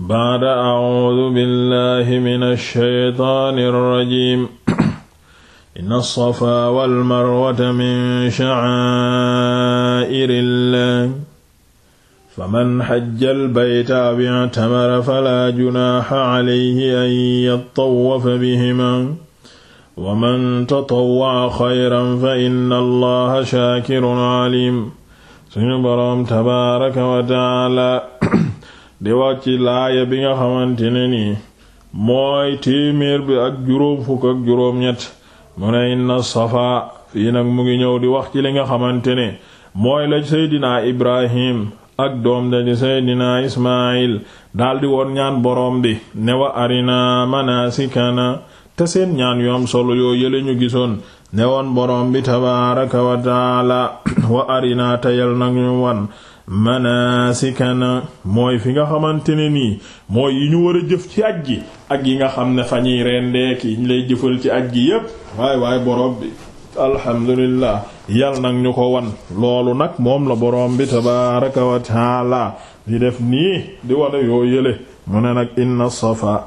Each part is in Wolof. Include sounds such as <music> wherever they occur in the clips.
baada acuudu billahi <clears throat> min alsheytaani alrajim inna alsafaa walmarwata min shacaa'iri llah faman xajja albayta aw ictamara falaa junaaxa calayhi an yattawafa bihima waman tatawwaca xayran fa inna allaha shaakirun calim suñu boroom tabaaraka wa tacaala <clears throat> di wax ci laaya bi nga xamante ne nii mooy téeméer bi ak juróom fukk ak juróom-ñett mu ne inna safa fii nag mu ngi ñëw di wax ci li nga xamante ne mooy la seydinaa ibrahim ak doom daji seydinaa ismaayil daldi woon ñaan boroom bi ne wa arina manasikana te seen ñaan yu am solo yoo yële ñu gisoon ne woon boroom bi tabaaraka wa taala wa arina tayal nag ñu wan manasikana mooy fi nga xamante ne nii mooy yi ñu war jëf ci aj gi ak yi nga xam ne fa ñuy rendeek yi ñu lay jëfal ci aj gi yépp waay waay borom bi alhamdulillah yal nag ñu ko wan loolu nag moom la borom bi tabaraka di def nii di wane yoo yële mu ne nag inna safa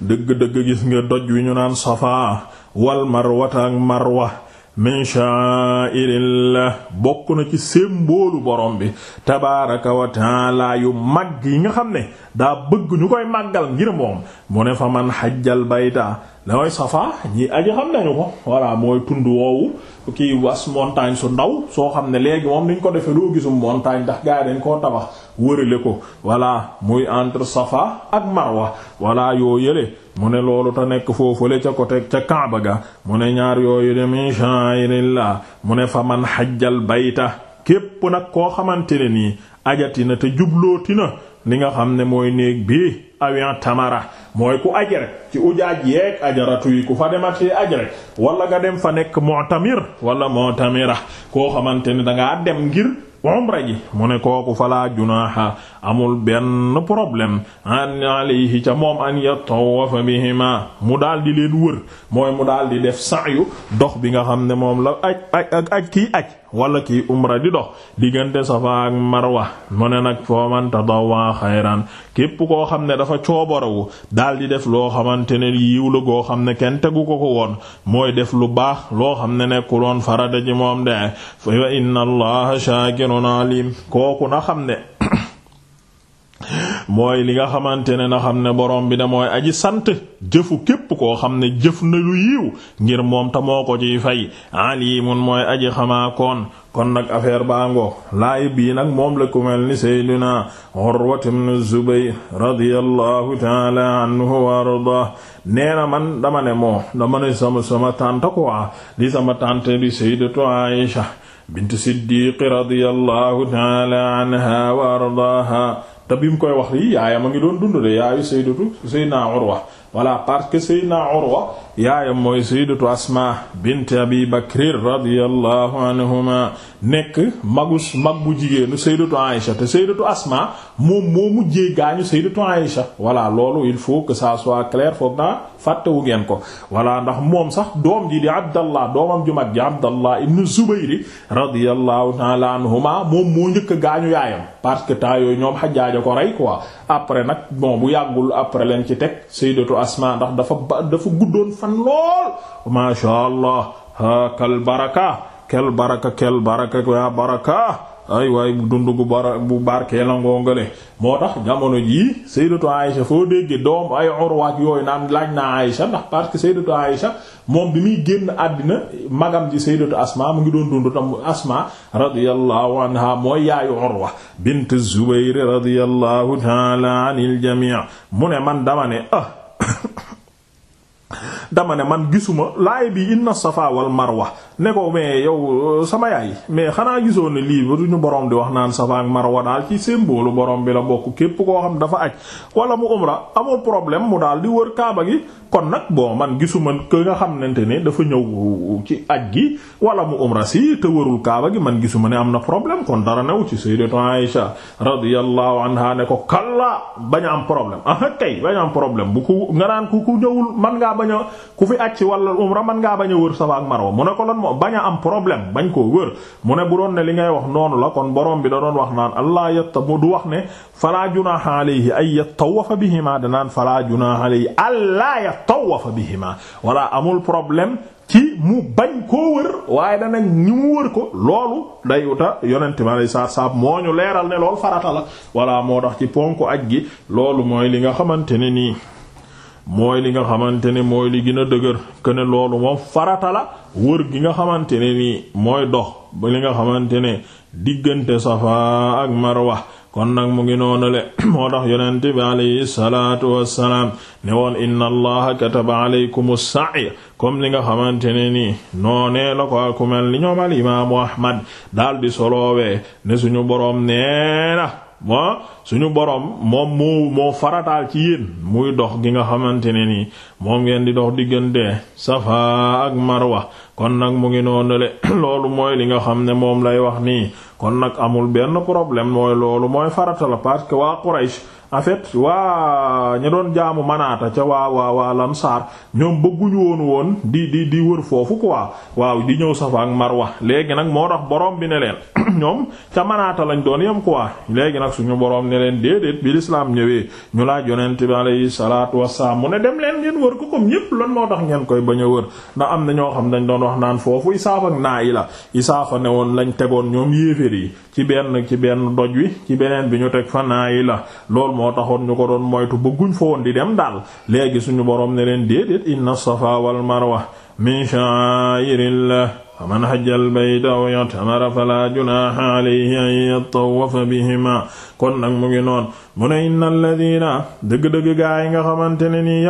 dëgg-dëgg gis nga doj wi ñu naan safa wal marwata marwa min sha'airillah bokk na ci sémboolu borom bi tabaraka wa taala yu mag yi nga xam ne daa bëgg ñu koy màggal ngir moom mu ne fa man xajjal bayta damay safa ñi aji xam nañu ko voilà mooy tund woowu kii was montagne su ndaw soo xam ne léegi moom niñ ko defee loo gisum montagne ndax gars yi dañ koo tabax wërale ko voilà muy entre safa ak marwa voilà yoo yële mu ne loolu ta nekk foofu le ca côté ca Kaaba ga mu ne ñaar yooyu de min sha'irillah mu ne fa man xajjal bayta képp nag koo xamante ne nii ajatina te jublooti na li nga xam ne mooy néeg bi awian tamara mooy ku aj rek ci ujaaj yeeg ajaratu yi ku fa demat ci aj wala nga dem fa nekk mu'tamir wala mu'tamira koo xamante ne dangaa dem ngir umra ji mu ne kooku falaa junaaha amul benn problème an alayhi ca moom an yatawafa bihima mu daal di leen wër mooy mu daal di def sa'yu dox bi nga xam ne moom la ak aj aj kii aj wala kii umra di dox diggante safa ak marwa mu ne nag foo man tadawwa képp koo xam ne dafa cooborawu daal di def loo xamante ne yiw la goo xam ne kenn tegu ko ko woon mooy def lu baax loo xam ne nekkuloon farata ji moom de fa inna allaha shaakir shay'un alim kooku na xam ne <clears throat> mooy li nga xamante ne na xam ne boroom bi da mooy aji sant jëfu képp koo xam ne jëf na lu yiw ngir moom ta moo ko ciy fay alimun mooy aji xamaa koon kon nag affaire baango laay bii nag moom la ku ni sayduna Urwat ibn Zubayr radiyallahu taala anhu wa ardah nee na man dama ne moo dama ne sama sama tante quoi di sama tante di sayyidatu Aisha bint siddiqi radiyallahu taala anha wa ardaha te bi mu koy wax yi yaayam a ngi doon dund de yaayu sayyidatu sayyidina Urwa voilà parce que sayyidina Urwa yaayam mooy sayyidatu asma bint abi bakr radiyallahu anhuma nekk magus mag bu jigéenu sayyidatu aïsha te sayyidatu asma moom moo mujjee gaañu sayyidatu aïsha voilà loolu il faut que ça soit clair foog naa fàttewu ngeen ko voilà ndax moom sax doom ji di abdallah doomam ju mag ji abdallah ibnu zubayri radiyallahu ta'ala anhuma moom moo njëkk gaañu yaayam parce que temps yooyu ñoom xajaaja ko rey quoi après nag bon bu yàggul après leen ci teg sayyidatu asma ndax dafa dafa guddoon fan lool ma sha allah ha kal baraka kel baraka kel baraka ya baraka ay waay bu dund gu bara bu barkee la ngoongale moo tax jamono jii sayyidatu Aïsha foo déggee doom ay orwaat yooyu naan laaj naa Aïsha ndax parce que sayyidatu Aïsha moom bi muy génn àddina magam ji sayyidatu Asma mu ngi doon dund tam Asma radiyallahu anha mooy yaayu Urwa bint Zubayr radiyallahu ta'ala anil jami' mu ne man dama ne ah <coughs> dama ne man gisuma laay bi inna safa wal marwa ne ko mais yow euh, sama yaay mais xanaa gisoo ne lii ba duñu borom di wax naan safa ak marwa daal ci symbole borom bi la xam dafa aj wala mu umra amul problème mu daal di wër kaaba gi kon nag bon man gisuma ki nga xamante ne dafa ñëw ci aj gi wala mu umra si te wërul kaaba gi man gisuma ne am na problème kon dara new ci sayyidatu Aisha radiyallahu anha ne ko kalla bañ a am problème ah kay bañ a am problème bu ko nga naan ku ku ñëwul man ngaa bañ ku fi acc wala umra man ngaa bañ a wër safa ak marwa mu ne ko lan moo bañ a am problème bañ koo wër mu ne bu doon ne li ngay wax noonu la kon borom bi da doon wax naan allah yatta mu du wax ne fala junaha alayhi ay wa bi yattawafa bihima danaan fala junaha alayhi allah yattawafa bihima wala amul problème ci mu bañ koo wër waaye danañ ñi mu wër ko loolu day yonanti ma lay saab saab moo ñu leeral ne lool faratala walaa moo tax ci ponk aj gi loolu mooy li nga xamante ne nii mooy li nga xamante ne mooy li gën a dëgër que ne loolu moom farata la wër gi nga xamante ne nii mooy dox ba li nga xamante ne diggante safa ak marwa kon nag mu ngi noonale <clears throat> moo tax yonent bi alayhi salaatu wassalaam ne woon inna allaha kataba alaykum as comme li nga xamante ne nii noonee la ko ku mel ni ñoom imaamu ahmad daal di soloowee ne suñu boroom nee na ma suñu borom moom moo moo farataal ci yéen muy dox gi nga xamante ne nii moo ngeen di dox diggante Safa ak Marwa kon nag mu ngi noonu le <clears throat> loolu mooy li nga xam ne moom lay wax nii kon nag amul benn problème mooy loolu mooy farata la parce que waa Quraysh en fait waa ñu doon jaamu manaata ca waa waa waa lansaar ñoom bëgguñu woon woon di di di wër foofu quoi waaw di ñëw safa ak marwa léegi nag moo tax borom bi ne leen <clears throat> ñoom ca manaata lañ doon yem quoi léegi nag suñu borom ne leen déedéet bi lislaam ñëwee ñu laaj yonent bi alayhi salaatu wassalaam mu ne dem leen ngeen wër ko comme ñépp lan moo tax ngeen koy bañ a wër ndax am na ñoo xam dañ doon wax naan foofu isaaf ak naa yi la isaafa ne woon lañ tegoon ñoom yéeféer yi ci benn ci benn doj wi ci beneen bi ñu teg fa yi la moo taxoon ñu ko doon moytu bëgguñ fa woon di dem daal léegi suñu borom ne leen déedéet inna safa wal marwa min sha'irillah faman hajja albayta aw i'tamara fala junaha alayhi an yattawafa bihima kon nag mu ngi noon mu ne inna alladina dëgg-dëgg gaa yi nga xamante ne nii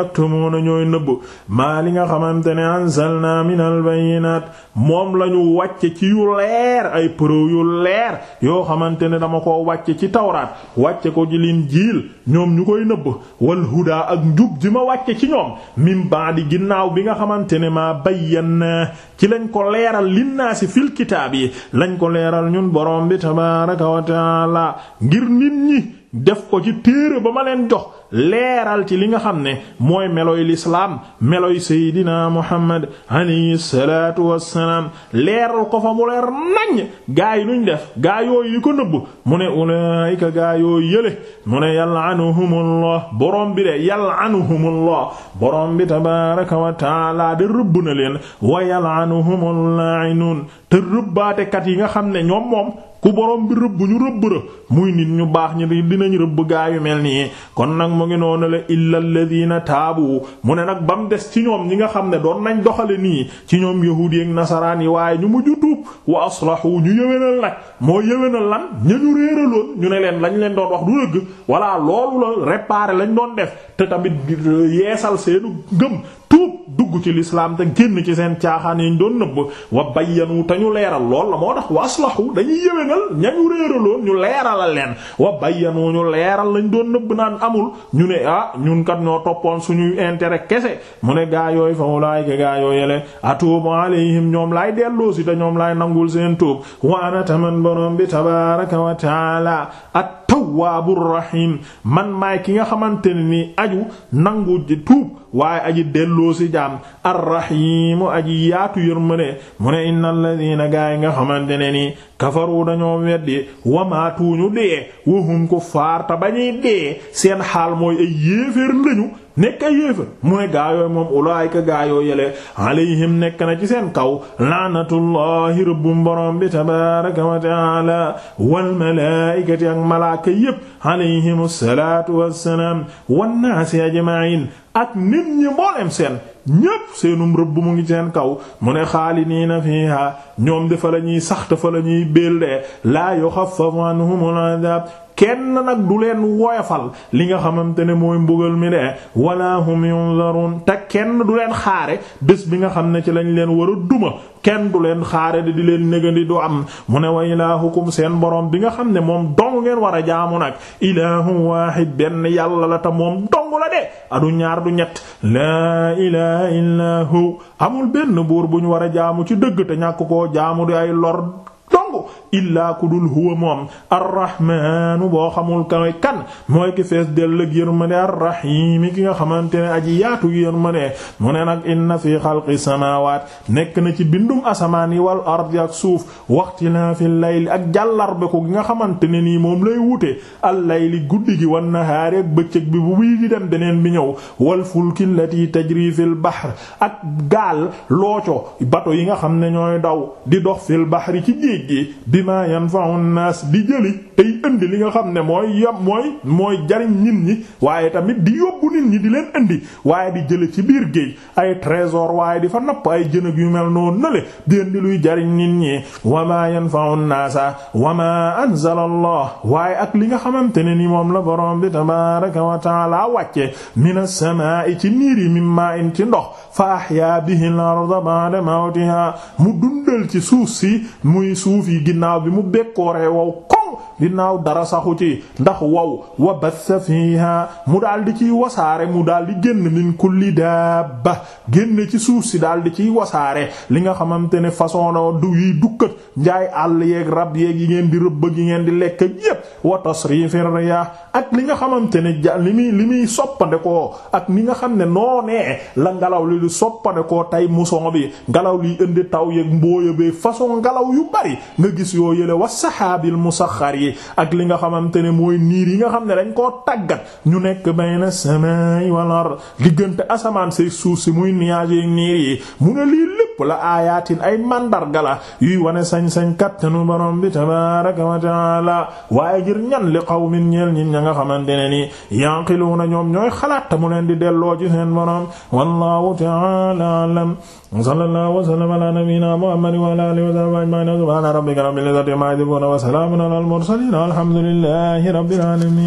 na ñooy nëbb maa li nga xamante ne anzalna min albayinat moom la ñu wàcce ci yu leer ay preuve yu leer yoo xamante ne dama ko wàcce ci tawraat wàcce ko ci linjiil ñoom ñu koy nëbb wal huda ak njub ji ma wàcce ci ñoom min di ginnaaw bi nga xamante ne maa bayyanna ci lañ ko leeral linnaasi fil kitaab yi lañ ko leeral ñun borom bi tabaaraka wa taala ngir nit ñi def ko ci téere ba ma leen jox leeral ci li nga xam ne mooy meloy lislaam meloy seydina muhammad alayhi salaatu wassalaam leeral ko fa mu leer naññ gaa yi nuñ def gaa yi ko nëbb mu ne ulaayika gaa yooyu yële mu ne yal'anuhumullah borom bi de yal'anuhumullah borom bi tabaaraka wa taala de rëbb na leen wa yal'anuhumul laa'inuun te rëbbaatekat yi nga xam ne ñoom moom ku borom bi rëbb ñu rëbb ra muy nit ñu baax ñi dinañ rëbb gaa yu mel nii kon nag mu ngi noonu la illa alladhina taabu mu ne nag ba mu des ci ñoom ñi nga xam ne doon nañ doxale nii ci ñoom yahuudi ak nasaraan yi waaye ñu mujj tuub wa aslahu ñu yëwénal nag moo yëwénal lan ñañu réeraloon ñu ne leen lañ leen doon wax du dëgg voilà loolu la réparer lañ doon def te tamit yeesal seenu gëm tuub dugg ci lislaam te génn ci seen caaxaan yi ñu doon nëbb wa bayyanu te ñu leeral lool la moo tax wa aslahu dañuy yëwénal ña réeraloon ñu leeralal leen wa bayyanu ñu leeral lañ doon nëbb naan amul ñu ne ah ñunkat ñoo toppoon suñuy intérêt kese mu ne gaa yooyu fa wulaayika gaa yooyu yele atuubu alayhim ñoom laay delloosi te ñoom la nangul seen borom bi tabaaraka wa taala tawwaabur rahiim man maay ki nga xamante ni nii aju nangu di tuub waaye aji delloo si jaam arrahiim aji yaatu yërmande mu ne innal ladiina gaa yi nga xamante ne nii kafaru dañoo weddi wamaatuñu dee wahum kuffaar te bañuy dee seen xaal mooy ay yéeféer lañu nekk ay yéeféer mu ne gaa moom ulaayika gaa yele alayhim nekk na ci seen kaw laanatullahi rabbum borom bi tabaaraka wa ta'aala wal malaa'ikati ak malaaka malaaka yépp alayhim salaatu wassalaam wannaasi ajma'in ak nit ñi mboolem seen ñépp mu ngi seen kaw mu ne xaaliniina fiiha ñoom dafa la ñuy sax dafa la ñuy béldee laa yuxaffafu anhumul adab kenn nag du leen woyofal li nga xamante ne mooy mbugal mi de wala hum yunzarun te kenn du leen xaare bés bi nga xam ne ci lañ leen war a kenn du leen xaare di leen négandi du am mu ne wa ilaahukum seen borom bi nga xam ne moom dong ngeen war a jaamu nag ilaahu waahid benn yàlla la ta moom dong la de adu ñaar du ñett laa ilaaha illaa hu amul benn buur bu ñu war a jaamu ci dëgg te ñàkk koo jaamu di ay lor dong illaa ku dul huwa moom arrahmaanu boo xamul kawe kan mooy ki fees dell ak yërmande arrahiimi ki nga xamante ne aji yaatu yërmande mu ne nag inna fi xalqi samaawaat nekk na ci bindum asamaan yi wal ardi ak suuf waxtilaafil layli ak jàllarbeku ko gi nga xamante ne nii moom lay wute al layli guddi gi wan nahaari ak bëccëg bi bu wii di dem beneen bi ñëw wal fulki lati tajri fil bahr ak gaal looco bato yi nga xam ne ñooy daw di dox fil bahri ci géej gi ma yanfa'u an di jëli tey indi li nga xam ne mooy yam mooy mooy jariñ nit ñi waaye tamit di yóbbu nit ñi di leen indi waaye di jële ci biir géej ay trésor waaye di fa napp ay jënëg yu mel noonu nale di indi luy jariñ nit ñi wa ma yanfa'u an-nasa wa ma anzala allah waaye ak li nga xamante ne ni moom la borom bi tabaraka wa a wàcce minas samaa'i ci niir yi min ma'in ci ndox fa ahya bihi al-arda ba'da mawtiha mu dundal ci suuf si muy suuf yi ginnaaw bi mu bekkooree wow ginnaaw dara saxu ci ndax wow wa bassa fiha mu daal di ciy wasaare mu daal di génn min kulli dabba génn ci suuf si daal di ciy wasaare li nga xamante ne façon la du yuy dukkat njaay àll yeeg rab yeeg yi ngeen di rëbb yi ngeen di lekk yépp wa tasrifir ya ak li nga xamante ne ja li muy li muy soppande koo ak ni nga xam ne noonee la ngelaw li di soppande koo tey mousson bi ngelaw liy indi taw yeeg mbooya bee façon ngelaw yu bari nga gis yoo yële wa sahabil xar yi ak li nga xamante ne mooy niir yi nga xam ne dañ koo taggat ñu nekk bayna samaa'i wal ard diggante asamaan say suuf si muy nuage yi niir yi mu ne lii lépp la aayaatin ay mandarga la yuy wane sañ-sañ kattanu borom bi tabaaraka wa ta'aala waaye ngir ñan li qawmin ñeel ñi ña nga xamante ne ni yanqiluuna ñoom ñooy xalaat ta mu leen di delloo ci seen borom wallahu ta'aala a'lam sallallahu wa sallama ala nabiyyina muhammadin wa ala alihi mursaliin walhamdulillaahi rabbil aalamiin